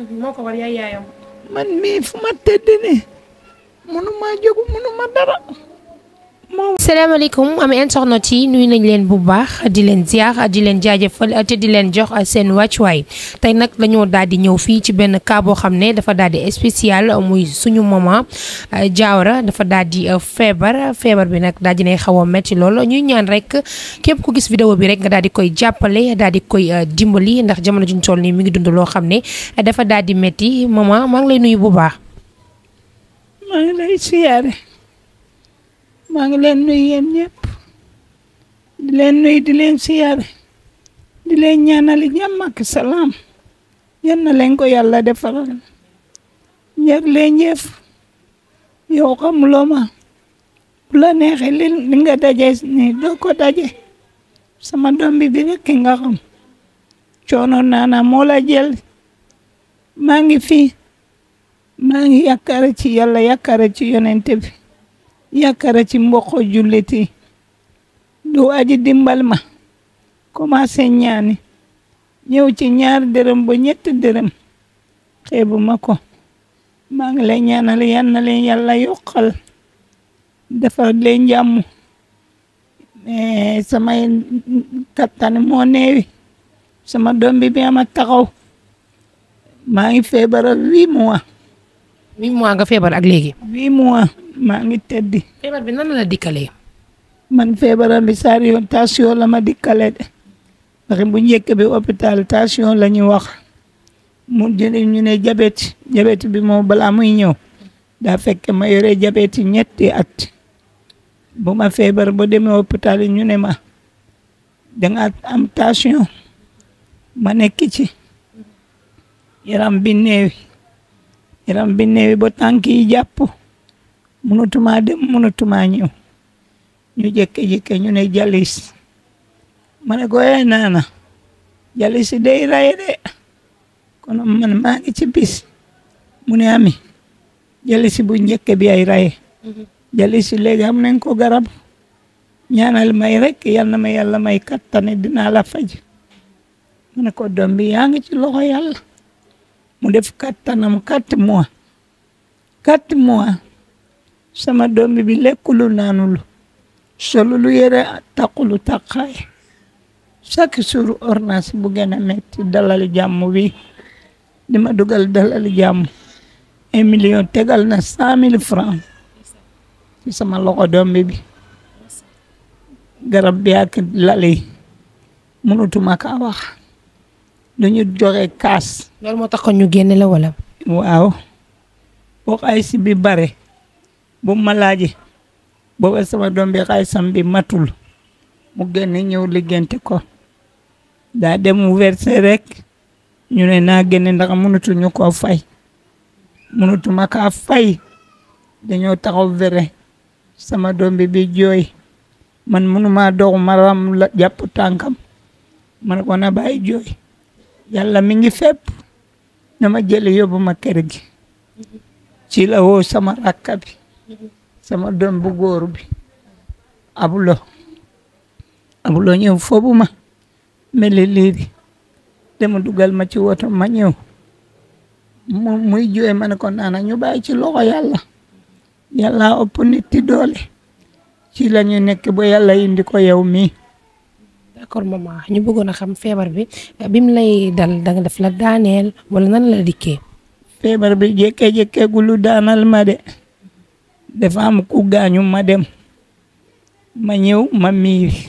Mhm, moo ko war yaay yaayam. man mii ma tëdd nii ma dara. salaamaaleykum am internet yi nuyu nañ leen bu baax di leen ziar di leen jaajëfal te di leen jox seen wàccuwaay tey nag lañoo daal di ñëw fii ci benn cas boo xam ne dafa daal di spécial muy suñu maman euh, Diawara dafa daal di euh, feebar feebar bi nag daal di nay xaw a métti lool ñuy ñaan rek képp ku gis vidéo bi rek nga daal di koy jàppale daal di koy euh, dimbali ndax jamono juñ toll nii mi ngi dund loo xam ne dafa daal di métti maman maa ngi lay nuyu bu baax. Mang ngi leen nuyu yéen ñëpp di leen nuy di leen siyaare di leen ñaanali jàmm ak salaam yal na leen ko yàlla defaral njëg leen jëf yow xamuloo ma bu la neexee li li nga daje ni doo ko daje sama doom bi bi rekk nga xam coono naana moo la jël maa ngi fi maa ngi yàkkaare ci yàlla yàkkaare ci yonente bi yàkkara ci mbokk jullit yi du aji dimbal ma commencé ñaani ñëw ci ñaar dërëm ba ñetti dërëm xeebu ma ko maa ngi lay ñaanal yal na yàlla yokkal dafa leen jàmm mais samay kattan moo neewi sama doom bi bi ama maa ngi feebaral huit mois huit mois nga feebar ak léegi. huit mois maa ngi tëddi. feebar bi nan la dikkalee. man feebaral bi saa yoon tension la ma dikkale de ndax bu njëkk bi hôpital tension la ñu wax mu jëlee ñu ne jabet jabet bi moom balaa muy ñëw daa fekk ma yore jabet ñetti at bu ma feebar ba demee hôpital ñu ne ma danga am tension ma nekk ci yaram bi néewi iram binne bo tanki japp munutuma dem munutuma ñu ñu jekke jekke ñu ne jalis mané ko ay nana jalis de ray de kono man ma ngi ci bis mune ami jalis bu ñekke e. mhm. bi ay ray jalis legi am nañ ko garab ñaanal may rek yalla may yalla may katane dina la faj mané ko dom bi yaangi ci loxo yalla Mudef namu katmua. Katmua. Sama domi bile kulu nanulu. Solulu yere takulu takai. Saki suru ornas bugena meti dalali jamu wi. Dima dugal dalali jamu. Un tegal na cent sama loko domi bi. Garab bi lali. munutu maka dañu joxe kaas. loolu moo tax kon ñu génne la wala. waaw boo xaalis bi bare bu ma laajee booba sama doom bi xaalisam bi matul mu génne ñëw liggéeyante ko daa dem mu versé rek ñu ne naa génne ndax mënatuñu koo fay mënatuma kaa fay dañoo taxaw vere sama doom bi bi jooy man mënuma dox maram la jàpp tànkam man ko na bàyyi jooy yàlla mi ngi fépp na ma jële yóbbu ma kër gi ci la sama rakka sama doom bu góor bi abulo abulo ñëw foobu ma meli liiri dama dugal ma ci woto ma ñëw mu muy jóoy ma ne ko naana ñu bàyyi ci loxo yàlla yàlla ëpp nit ti doole ci la ñu nekk ba yàlla indi ko yow mii d'accord mama, ñu bëggoon a xam fièvre bi bim lay dal da nga def la daniel wala nan la diké fièvre bi jéké gu lu daanal ma de dafa am ku gañu ma dem ma ñew ma miri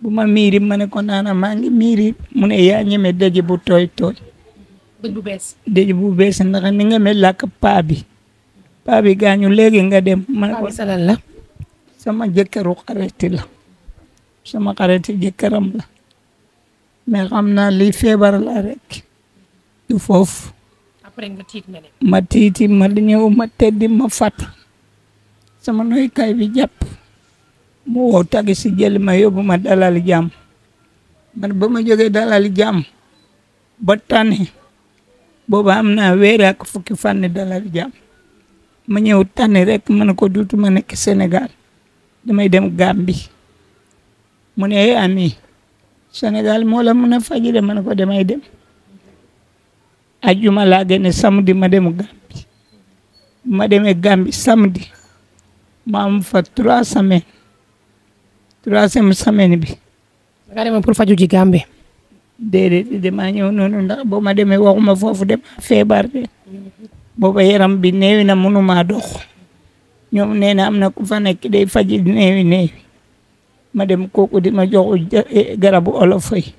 bu ma miri ma ne ko nana ma ngi miri mu ne ya ñëmé dëj bu toy toy dëj bu bees dëj bu bees ndax ni nga mel lak pa bi pa bi gañu légui nga dem ma ko sama jëkkëru xarit la sama xariti jëkkëram la mais xam naa li feebar la rek du foofu après nga tiit nga ne ma tiiti ma ñëw ma teddi ma fat sama noy kay bi jàpp mu woo tagi si jëli ma yóbbu ma dalal jàmm man ba ma jógee dalal jàmm ba tane booba am naa weer ak fukki fànni dalal jàmm ma ñëw tane rek ma ne ko duutuma nekk Sénégal dem Gambie mu ne eh, ami senegal moo la mën a faji de ma ne ko damay dem a laa génne samedi ma dem Gambie ma demee Gambie samedi ma am fa trois semaines troisième semaine bi. nga demee pour faju ji Gambie. déedéet damaa ñëw noonu ndax boo ma demee waxuma foofu dem feebar de booba yaram bi néewi na mënuma dox ñoom nee na am na ku fa nekk day faji néewi néewi. ma dem ko di ma jox e, garabu olof yi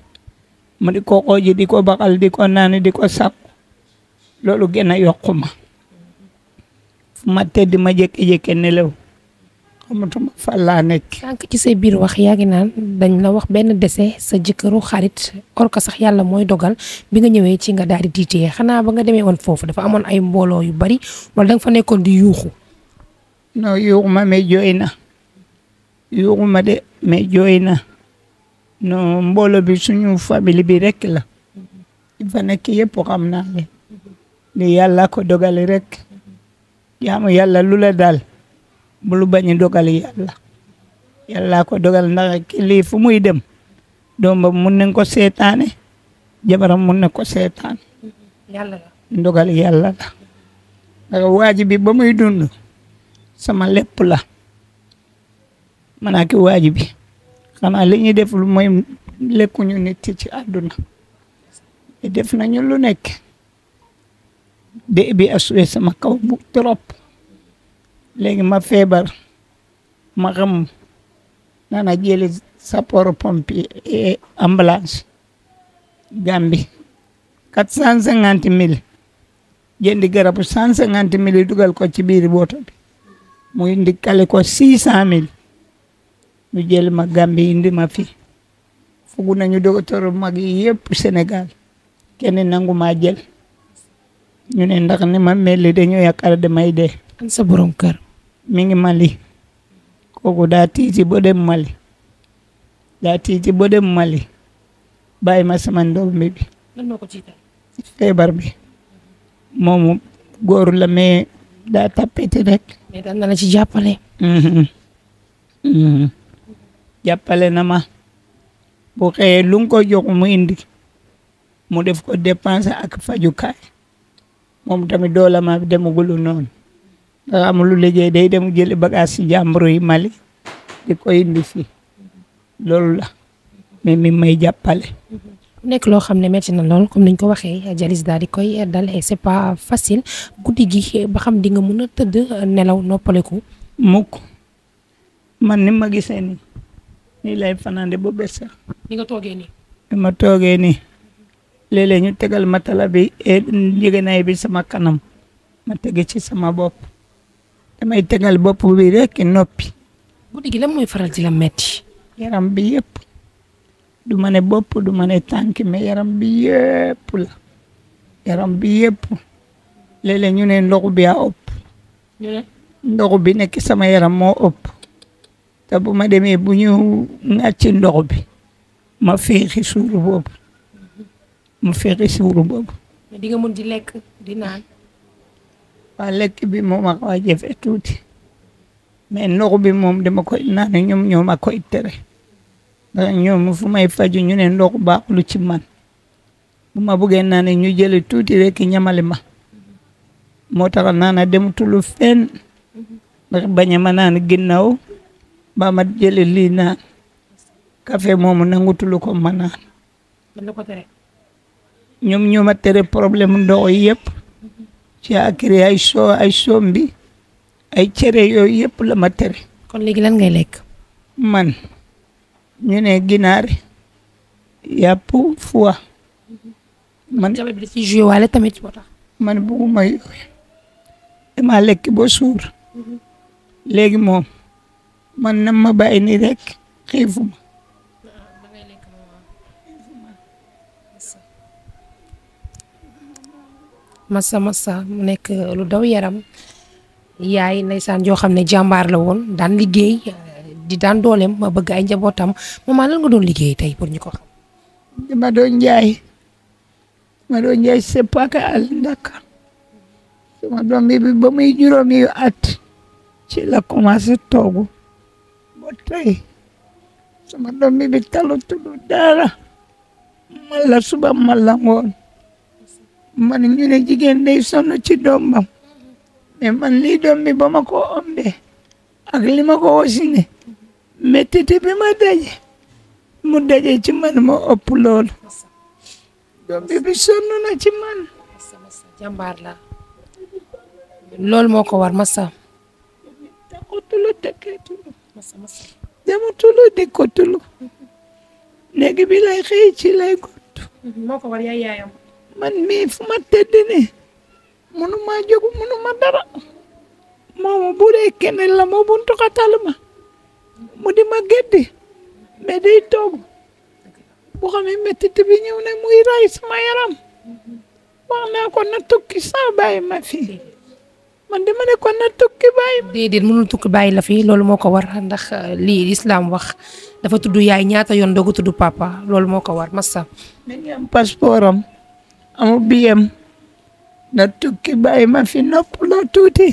ma di ko xooji di ko baxal di ko naani di ko sàkku loolu gën a yokku ma fu ma tëdd ma jékki-jékki nelaw xamatuma fan laa nekk. sànq ci sa biir wax yaa ngi naan dañ la wax benn dese sa jëkkëru xarit or ko sax yàlla mooy dogal bi nga ñëwee ci nga daal di diitee xanaa ba nga demee woon foofu dafa amoon ay mbooloo yu bari wala da fa nekkoon di yuuxu. non yuuxu ma mais jooy na. yuuxuma de mais jooy na non mbooloo bi suñu famille bi rek la fa nekk yëpp xam naa ne li yàlla ko dogali rek jaamu yàlla lu la daal bulu bañ a dogali yàlla yàlla ko dogal ndax lii fu muy dem doom ba mun nañ ko seetaane jabaram mun na ko seetaane yàlla la ndogal yàlla la ndax waaji bi sama lépp la maanaam ki waaji bi xanaa li ñuy def lu mooy lekkuñu nit ci àdduna def nañu lu nekk de bi assuwe sama kaw bu trop léegi ma feebar ma xam nana jëli sapeur pompier et ambulance Gambie quatre cent cinquante mille jëndi garabu cent cinquante mille dugal ko ci biir boota bi muy ndikale ko six cent mille ñu jël ma Gambie indi ma fi foog nañu docteur mag yi yëpp Sénégal kenn nangu maa jël ñu ne ndax ni ma mel dañoo yaakaar damay dee. an sa borom kër. mi ngi Mali kooku daa tiiti ba dem Mali daa tiiti ba dem Mali bàyyi ma sama ndoom bi bi. lan moo ko tiital. feebar bi moomu góor la mais daa tapete rek. mais daan na la ci jàppale. Mm-hmm. Mm-hmm. jappale na ma bu xëyee lu nga ko jox mu indi mu def ko dépenser ak kay mom tamit doola ma demugul non da am lu liggéey day dem jël bagage si jàmbur yi Mali di ko indi fi lolou la mais mi may jappale nek lo xamne ne na lol comme niñ ko waxe jalis daal di koy dal et c'est pas facile goudi gi ba xam di nga meuna teud nelaw noppaleku. mukk man ni ma gisee ni lay fanande bu bés ni nga toge ni ma toge ni lele ñu tegal matala bi e, njëgënaay bi sama kanam ma tege ci sama bopp damay tegal bop bi rek nopi, bu digi lam moy faral di lam metti. yaram bi yep du mané bop du mané tanki me yaram bi yep la yaram bi yep lele ñu ne ndox bi a op ñu ne ndox bi nek sama yaram mo op. te bu ma demee bu ñu ŋàcc ndox bi ma féexi suuru boobu ma féexi suuru boobu. mais di nga mën di lekk di naan. waa lekk bi moom a xaw a jafe tuuti mais ndox moom dama koy naan ñoom ñoo ma koy fu may faju ñu ne ndox baaxul ci man buma ma bëggee naan ñu jële tuuti rek ñamali ma moo tax naan demutul fenn mm-hmm. ndax bañ a ma naan ginnaaw. ba Mamat jële lii naa café moomu nangutulu ko ma naan ñoom ñoo ma tere problème ndox yëpp ci akiri ay soo ay sombi ay cere yooyu yëpp la ma tere kon léegi lan ngay lekk man ñu ne ginaar yàpp foie man jabet bi ci tamit moo tax man bëgguma yooyu dama lekk ba suur mhm. léegi moom man na ma bàyyi nii rek xiifuma massa massa mu nekk lu daw yaram yaay ndeysaan joo xam ne jàmbaar la woon daan liggéey di daan dooleem ma bëgg ay njabootam maman lan nga doon liggéey tey pour ñu ko xam. ma doon jaay ma doon jaay sepp ak àll ndaka sama doom bi ba muy juróomi yu at ci la commencé toogu. ba tey sama bi bi talatu du dara suba mala ngoon man ñu ne jigéen day sonn ci doomam mais man lii doom bi ba ma ko ombe ak li ma ko wasine méttite bi ma daje mu daje ci man ma ëpp loolu doom bi bi na ci man jàmbaar moo ko war masa dama tulu di ko tulu léegi bi lay xëy ci lay gont man mii fu ma tëdd ne mënuma jógu mënuma dara moomu bu dee keneen la moo buntu xatal ma mu di ma geddi mais day toog bu xamee métit bi ñëw ne muy yi sama yaram wax naa ko na tukki saa bàyyi ma fii man dama ne ko na tukki bàyyi ma. déedéet tukki bàyyi la fi lolou moko war ndax li islam wax dafa tuddu yaay ñaata yon dogu tuddu papa lolou moko war massa. ngi am passeportam am amu BM, na tukki bàyyi ma fi nopp loo tuuti.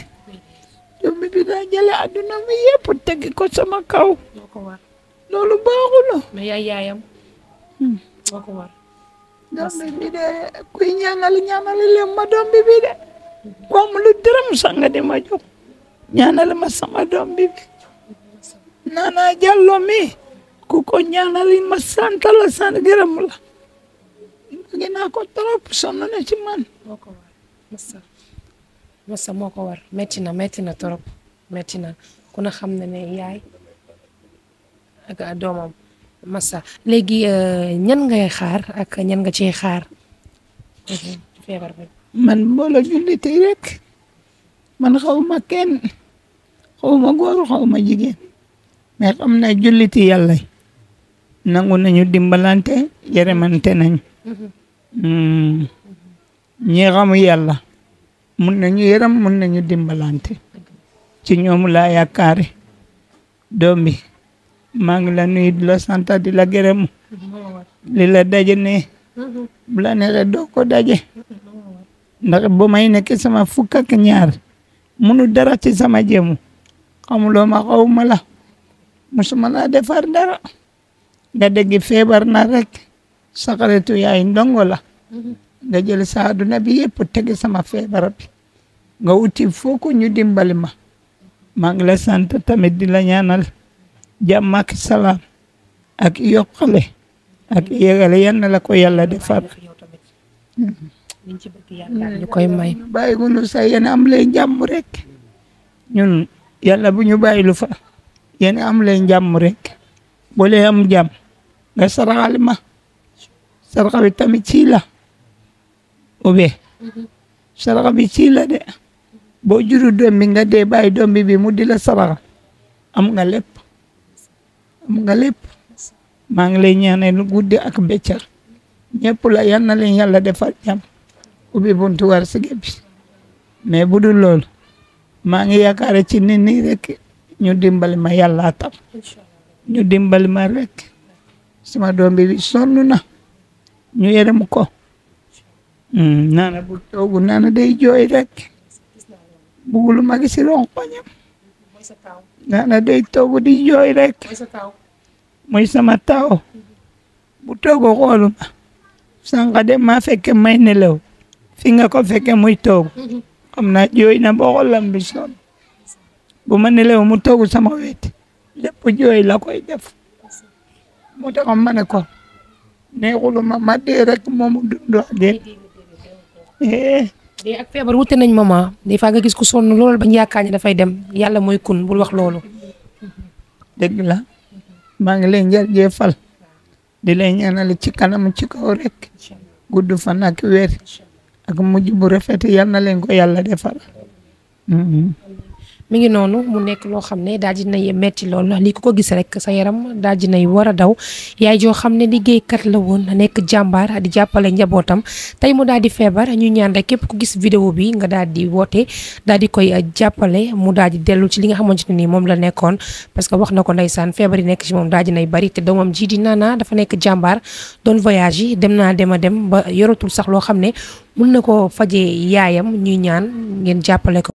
doomi bi da jale aduna mi yëpp tegi ko sama kaw. moko war lolou loolu lo me yaay yaayam. moo ko war. doom bi bi de kuy ñaanal ñaanal le ma dom bi bi de bom lu dërëm sanga de ma nyana ñaanal ma sama doom bi Nana Jallow mi ku ko ñaanalin ma sant la sant gërëm la bëgg naa ko trop sonn na ci man Massa moo moko war metti na metti na trop metti na ku na xam ne yaay ak doomam Massa léegi ñan eh, ngay xaar ak ñan nga ciy xaar man mboolo julliti rek man xaw ma kenn xaw ma góor xaw ma jigéen mais xam na julliti yàlla nangu nañu dimbalante yërëmante nañ hmm, ñi xamu yàlla mun nañu yërëm mun nañu dimbalante ci ñoom laa yaakaare doom bi maa ngi la nuyu di la sant di la gërëm li la daje ne bu la neexee doo ko daje ndax boo may ke sama fukk ak ñaar munu dara ci sama jemu, xamuloo ma xaw la musuma la defar dara iya, nga iya, dégg feebar na iya, rek sa yaay ndongo la nga jël bi sama feebar bi nga uti foo ñu dimbali ma maa ngi la sant tamit di la ñaanal jàmm ak salaam ak yokkale ak yegale yal la ko yàlla defar liñ ci bëgg yaakaar ñu hmm, koy may bàyyi ko lu say yéen am leen jàmm rek ñun yàlla bu ñu bàyyi fa yene am lay jàmm rek bo leen am jàmm nga saraxal ma saraxa bi tamit ci la ube saraxa bi ci la de bo juru doom bi nga bay bi mu di la am nga lepp am nga lepp ma ngi lay ñaanal ak bëccëg ñepp la yal lay yalla defal Ubi buntu war bi mais bu dul loolu maa ngi yakare ci nit ni rek ñu dimbal ma yalla tam ñu dimbal ma rek sama doom bi sonu na ñu yërëm ko hmm, nana bu togu nana day joy e rek bugulu e ma gis ronkoñam mhm. nana day togu di joy rek moy sama taw bu togu xolum sangade de fekke may nelew Finga ko feke mwitog. Amna juu bu man lew mu umutogu sama wete. Lepo juu ilako idafu. Muta kamane kwa. neexulu ma ma dee rek momu dund ak dee dee ak febar wuté nañ mama des fa nga gis ku son lool bañ yaakaar da fay dem yalla moy kun bul wax loolu dëgg la maa ngi leen jërjeefal di lay ñaanal ci kanam ci kaw rek ak mujj bu rafet yal na leen ko yàlla defal. Mm-hmm. mi ngi noonu mu nekk loo xam ne daal di nay metti lool li ko gis rek sa yaram daal di nay war a daw yaay joo xam ne liggéeykat la woon nekk jàmbaar di jàppale njabootam tey mu daal di feebar ñu ñaan képp ku gis vidéo bi nga daal di woote daal di koy uh, jàppale mu daal di dellu ci li nga xamante ne nii moom la nekkoon parce que wax na ko ndeysaan feebar yi nekk ci moom daal nay bari te doomam ji di naana nekk jàmbaar doon voyage yi dem naa dem a dem ba yoratul sax loo xam ne mun na ko fajee yaayam ñuy ñaan ngeen jàppale ko